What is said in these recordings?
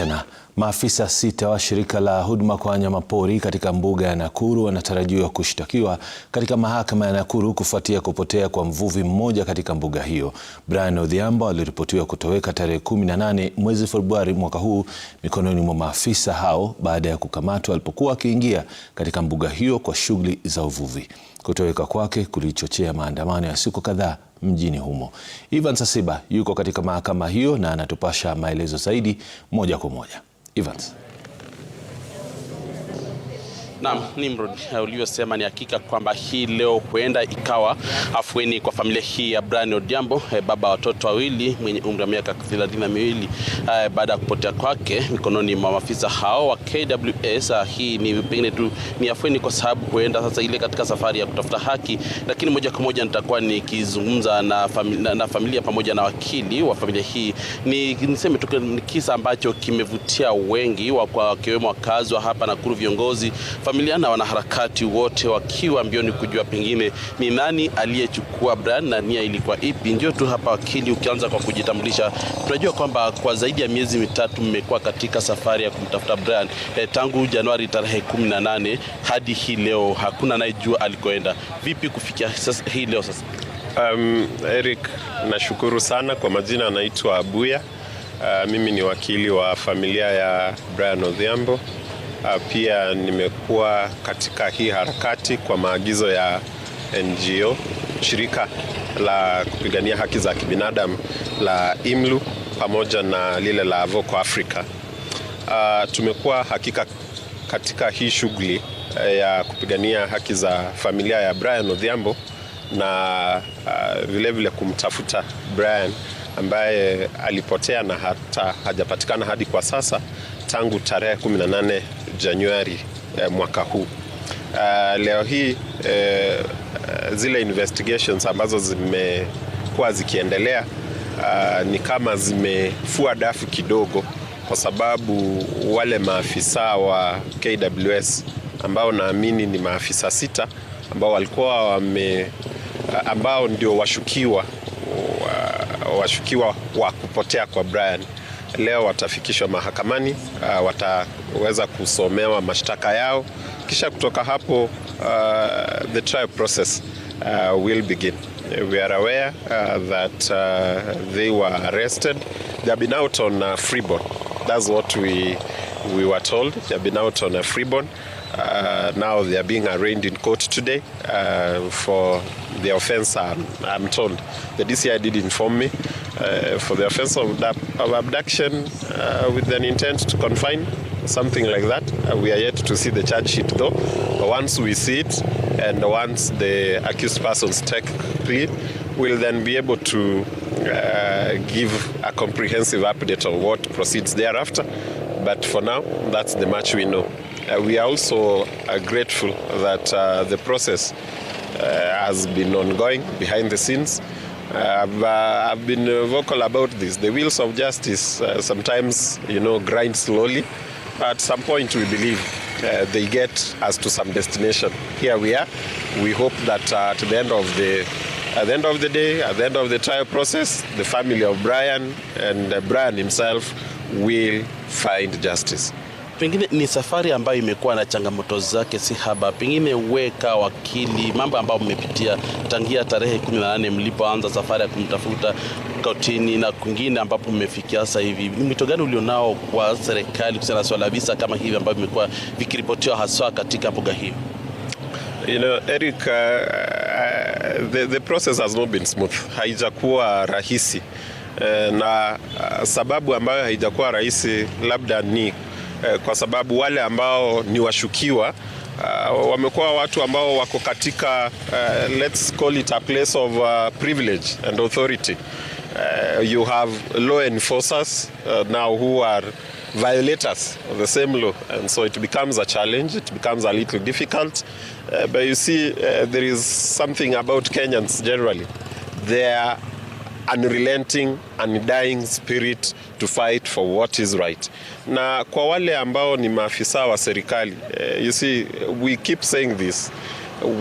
tena. Maafisa sita wa shirika la huduma kwa wanyamapori katika mbuga ya Nakuru wanatarajiwa kushtakiwa katika mahakama ya Nakuru kufuatia kupotea kwa mvuvi mmoja katika mbuga hiyo. Brian Odhiambo aliripotiwa kutoweka tarehe 18 mwezi Februari mwaka huu mikononi mwa maafisa hao baada ya kukamatwa alipokuwa akiingia katika mbuga hiyo kwa shughuli za uvuvi. Kutoweka kwake kulichochea maandamano ya siku kadhaa mjini humo. Evans Asiba yuko katika mahakama hiyo na anatupasha maelezo zaidi moja kwa moja. Evans. Naam, Nimrod, uliyosema ni hakika kwamba hii leo huenda ikawa afueni kwa familia hii ya Brian Odhiambo, eh, baba watoto wawili mwenye umri wa miaka thelathini na miwili eh, baada ya kupotea kwake mikononi mwa maafisa hao wa KWS. Ah, hii ni pengine tu ni afueni kwa sababu huenda sasa ile katika safari ya kutafuta haki, lakini moja kwa moja nitakuwa nikizungumza na, fami, na, na familia pamoja na wakili wa familia hii. Ni niseme tu ni kisa ambacho kimevutia wengi wakiwemo wakazi wa hapa Nakuru, viongozi familia na wanaharakati wote wakiwa mbioni kujua pengine ni nani aliyechukua brand na nia ilikuwa ipi. Ndio tu hapa wakili, ukianza kwa kujitambulisha, tunajua kwamba kwa zaidi ya miezi mitatu mmekuwa katika safari ya kumtafuta brand e, tangu Januari tarehe 18 hadi hii leo, hakuna anayejua alikoenda. Vipi kufikia sasa, hii leo sasa? Um, Eric, nashukuru sana kwa majina, anaitwa Abuya. Uh, mimi ni wakili wa familia ya Brian Odhiambo. Ah, pia nimekuwa katika hii harakati kwa maagizo ya NGO shirika la kupigania haki za kibinadamu la IMLU pamoja na lile la Avoko Africa. Uh, tumekuwa hakika katika hii shughuli eh, ya kupigania haki za familia ya Brian Odhiambo na uh, ah, vilevile kumtafuta Brian ambaye alipotea na hata hajapatikana hadi kwa sasa tangu tarehe 18 Januari eh, mwaka huu. Uh, leo hii eh, zile investigations ambazo zimekuwa zikiendelea uh, ni kama zimefua dafu kidogo, kwa sababu wale maafisa wa KWS ambao naamini ni maafisa sita ambao walikuwa wame ambao ndio washukiwa washukiwa wa kupotea kwa Brian leo watafikishwa mahakamani, uh, wataweza kusomewa mashtaka yao, kisha kutoka hapo uh, the trial process uh, will begin. We are aware uh, that uh, they were arrested. They have been out on uh, free That's what we we were told. They have been out on a uh, free Uh, now they are being arraigned in court today uh, for the offense. I'm, um, I'm told the DCI did inform me Uh, for the offense of, of abduction uh, with an intent to confine, something like that. Uh, we are yet to see the charge sheet though. But once we see it and once the accused persons take plea, we'll then be able to give a comprehensive update on what proceeds thereafter. But for now, that's the much we know. Uh, we are also uh, grateful that uh, the process has been ongoing behind the scenes. I've, uh, I've, been vocal about this. The wheels of justice uh, sometimes, you know, grind slowly. At some point, we believe uh, they get us to some destination. Here we are. We hope that uh, at the end of the at the end of the day, at the end of the trial process, the family of Brian and uh, Brian himself will find justice. Pengine ni safari ambayo imekuwa na changamoto zake si haba. Pengine weka wakili, mambo ambayo mmepitia tangia tarehe 18 mlipoanza safari ya kumtafuta kotini na kwingine ambapo mmefikia sasa hivi, ni mwito gani ulionao kwa serikali kuhusiana na swala visa kama hivi ambavyo vimekuwa vikiripotiwa haswa katika mbuga hiyo? You know, Eric, uh, uh, the, the process has not been smooth. Haijakuwa rahisi uh, na uh, sababu ambayo haijakuwa rahisi labda ni eh, kwa sababu wale ambao ni washukiwa Uh, wamekuwa watu ambao wako katika uh, let's call it a place of uh, privilege and authority. Uh, you have law enforcers uh, now who are violators of the same law and so it becomes a challenge, it becomes a little difficult. Uh, but you see uh, there is something about Kenyans generally. They are unrelenting, undying spirit to fight for what is right. Na kwa wale ambao ni maafisa wa serikali, eh, you see, we keep saying this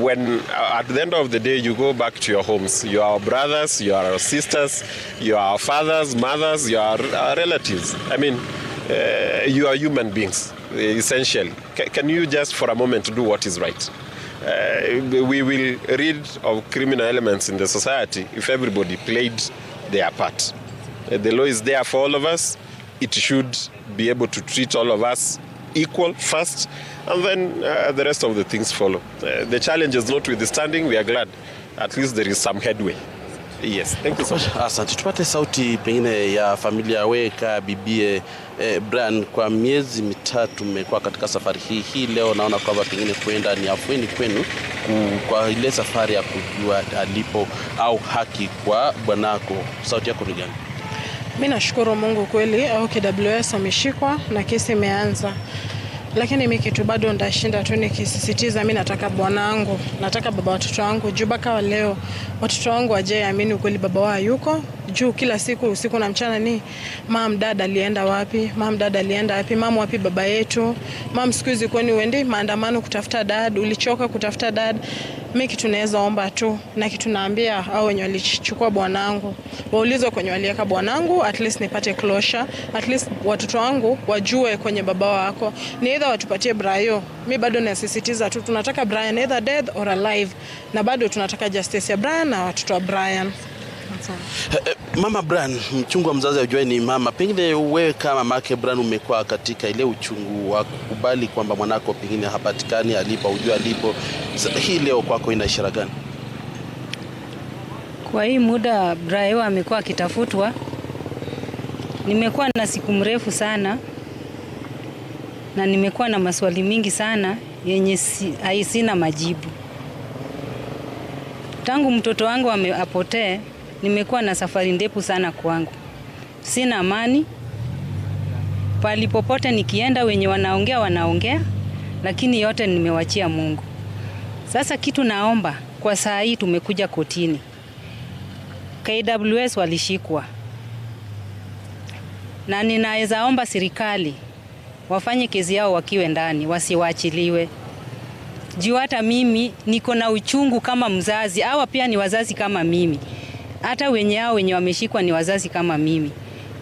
when uh, at the end of the day you go back to your homes you are our brothers you are our sisters you are our fathers mothers you are our relatives i mean uh, you are human beings essentially C can you just for a moment do what is right Uh, we will rid of criminal elements in the society if everybody played their part. Uh, the law is there for all of us. It should be able to treat all of us equal first, and then uh, the rest of the things follow. Uh, the challenge is notwithstanding, we are glad at least there is some headway. Yes, thank you so much. Asante. Tupate sauti pengine ya familia Weka, bibie eh, Brian. Kwa miezi mitatu mmekuwa katika safari hii hii, leo naona kwamba pengine kuenda ni afueni kwenu kwa ile safari ya kujua alipo au haki kwa bwanako. Sauti yako ni gani? Mimi nashukuru Mungu kweli, au KWS ameshikwa na kesi imeanza lakini mi kitu bado ndashinda tu nikisisitiza, mi nataka bwana wangu, nataka baba watoto wangu, juu mpaka leo watoto wangu wajaiamini ukweli baba wao yuko juu. Kila siku usiku na mchana ni mam, dada alienda wapi? Mam, dada alienda wapi? Mam, wapi baba yetu? Mam, siku hizi kwani uendi maandamano kutafuta dad? Ulichoka kutafuta dad? Mi kitu naweza omba tu na kitu naambia au wenye walichukua bwanangu waulizwe kwenye waliweka bwanangu, at least nipate closure, at least watoto wangu wajue kwenye baba wako ni either watupatie Brayo. Mi bado nasisitiza tu tunataka Brian either dead or alive, na bado tunataka justice ya Brian na watoto wa Brian. Mama Bran, mchungu wa mzazi aujue ni mama. Pengine wewe kama mamake Bran umekuwa katika ile uchungu wa kukubali kwamba mwanako pengine hapatikani alipo, ujua alipo. Hii leo kwako ina ishara gani? Kwa hii muda Brayo amekuwa akitafutwa, nimekuwa na siku mrefu sana na nimekuwa na maswali mingi sana yenye si, majibu tangu mtoto wangu apotee wa nimekuwa na safari ndefu sana kwangu. Sina amani palipopote nikienda, wenye wanaongea wanaongea, lakini yote nimewachia Mungu. Sasa kitu naomba kwa saa hii, tumekuja kotini, KWS walishikwa, na ninaweza omba serikali wafanye kezi yao wakiwe ndani, wasiwaachiliwe juu hata mimi niko na uchungu kama mzazi, hawa pia ni wazazi kama mimi hata wenye hao wenye wameshikwa ni wazazi kama mimi.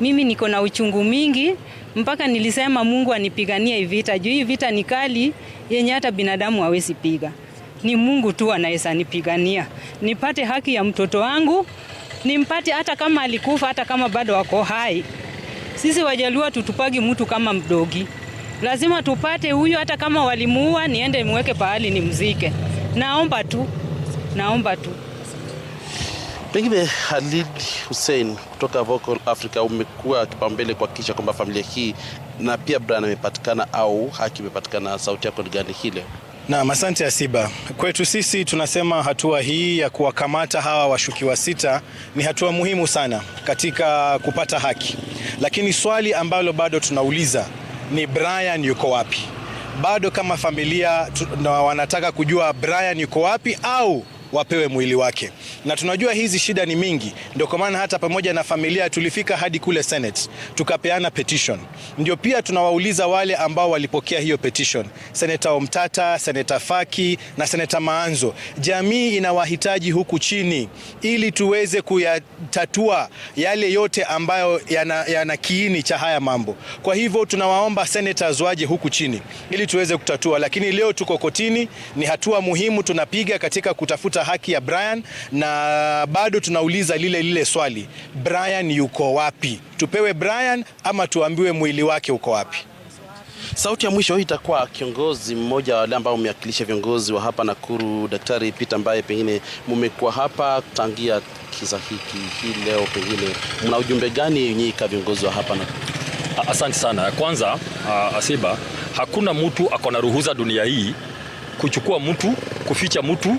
Mimi niko na uchungu mingi, mpaka nilisema Mungu anipiganie hii vita juu hii vita ni kali yenye hata binadamu hawezi piga. Ni Mungu tu anaweza nipigania nipate haki ya mtoto wangu, nimpate hata kama alikufa, hata kama bado wako hai. Sisi Wajaluo tutupagi mtu kama mdogi, lazima tupate huyo, hata kama walimuua, niende mweke pahali nimzike. Naomba tu, naomba tu. Pengine halid Hussein kutoka Vocal Africa, umekuwa kipaumbele kuhakikisha kwamba familia hii na pia Brian amepatikana au haki imepatikana. Sauti yako ni gani hii leo? Naam, asante Asiba. Kwetu sisi tunasema hatua hii ya kuwakamata hawa washukiwa sita ni hatua muhimu sana katika kupata haki, lakini swali ambalo bado tunauliza ni Brian yuko wapi? Bado kama familia tu, na wanataka kujua Brian yuko wapi au wapewe mwili wake. Na tunajua hizi shida ni mingi, ndio kwa maana hata pamoja na familia tulifika hadi kule Senate tukapeana petition. Ndio pia tunawauliza wale ambao walipokea hiyo petition, Senator Omtata, Senator Faki na Senator Maanzo, jamii inawahitaji huku chini ili tuweze kuyatatua yale yote ambayo yana, yana kiini cha haya mambo. Kwa hivyo tunawaomba senators waje huku chini ili tuweze kutatua, lakini leo tuko kotini, ni hatua muhimu tunapiga katika kutafuta haki ya Brian, na bado tunauliza lile lile swali, Brian yuko wapi? Tupewe Brian ama tuambiwe mwili wake uko wapi? Sauti ya mwisho hii itakuwa kiongozi mmoja wale ambao umewakilisha viongozi wa hapa Nakuru, Daktari Peter, ambaye pengine mumekuwa hapa tangia kisa hiki hii leo, pengine mna ujumbe gani nyinyi kama viongozi wa hapa Nakuru? Asante sana. Kwanza Asiba, hakuna mtu akona ruhusa dunia hii kuchukua mtu, kuficha mtu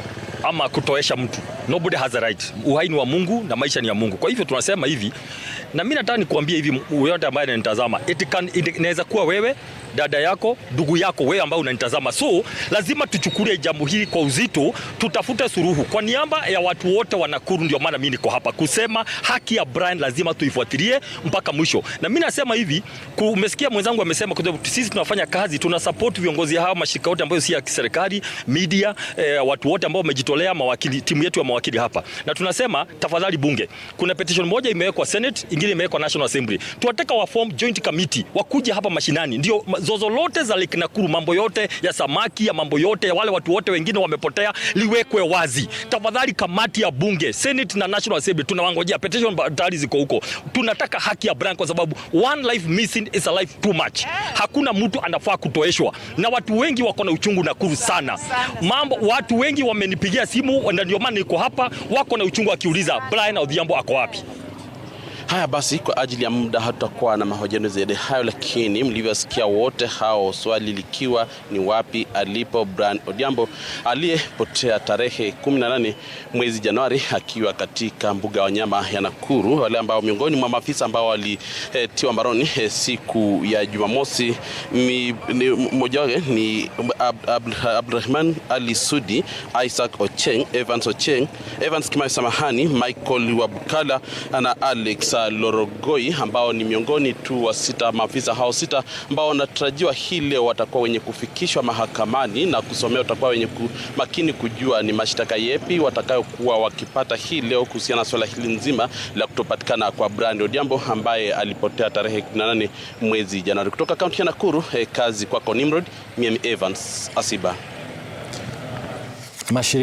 ama kutoesha mtu. Nobody has a right. Uhai ni wa Mungu na maisha ni ya Mungu. Kwa hivyo tunasema hivi, na mimi nataka nikuambie hivi, yote ambaye ananitazama, it can inaweza kuwa wewe dada yako, ndugu yako, wewe ambao unanitazama. So lazima tuchukulie jambo hili kwa uzito, tutafute suluhu kwa niaba ya watu wote wa Nakuru. Ndio maana mimi niko hapa kusema haki ya Brian lazima tuifuatilie mpaka mwisho, na mimi nasema hivi, umesikia mwenzangu amesema, kwa sababu sisi tunafanya kazi, tuna support viongozi hao, mashirika yote ambayo si ya kiserikali, media, eh, watu wote ambao wamejitolea, mawakili, timu yetu ya mawakili hapa, na tunasema tafadhali bunge, kuna petition moja imewekwa Senate, ingine imewekwa National Assembly, tunataka wa form joint committee wakuje hapa mashinani ndio zozolote za Lake Nakuru, mambo yote ya samaki ya mambo yote ya wale watu wote wengine wamepotea liwekwe wazi tafadhali. Kamati ya bunge Senate na National Assembly tunawangojea, petition tayari ziko huko. Tunataka haki ya Brian kwa sababu one life missing is a life too much. Hakuna mtu anafaa kutoeshwa, na watu wengi wako na uchungu Nakuru sana. Mambo watu wengi wamenipigia simu, ndio maana niko hapa, wako na uchungu akiuliza Brian Odhiambo ako wapi? Haya basi, kwa ajili ya muda hatutakuwa na mahojiano zaidi hayo, lakini mlivyosikia wote hao, swali likiwa ni wapi alipo Brian Odhiambo aliyepotea tarehe 18 mwezi Januari akiwa katika mbuga ya wanyama ya Nakuru. Wale ambao miongoni mwa maafisa ambao walitiwa eh, mbaroni eh, siku ya Jumamosi, mmoja wake ni Abdurahman Ali Sudi, Isaac Ocheng, Evans Ocheng, Evans Kimai, samahani, Michael Wabukala na Alex Profesa Lorogoi ambao ni miongoni tu wa sita maafisa hao sita ambao wanatarajiwa hii leo watakuwa wenye kufikishwa mahakamani na kusomea, watakuwa wenye makini kujua ni mashtaka yepi watakayokuwa wakipata hii leo kuhusiana na swala hili nzima la kutopatikana kwa Brian Odhiambo ambaye alipotea tarehe 18 mwezi Januari. Kutoka kaunti ya Nakuru, eh, kazi kwako Nimrod. Mimi Evans Asiba.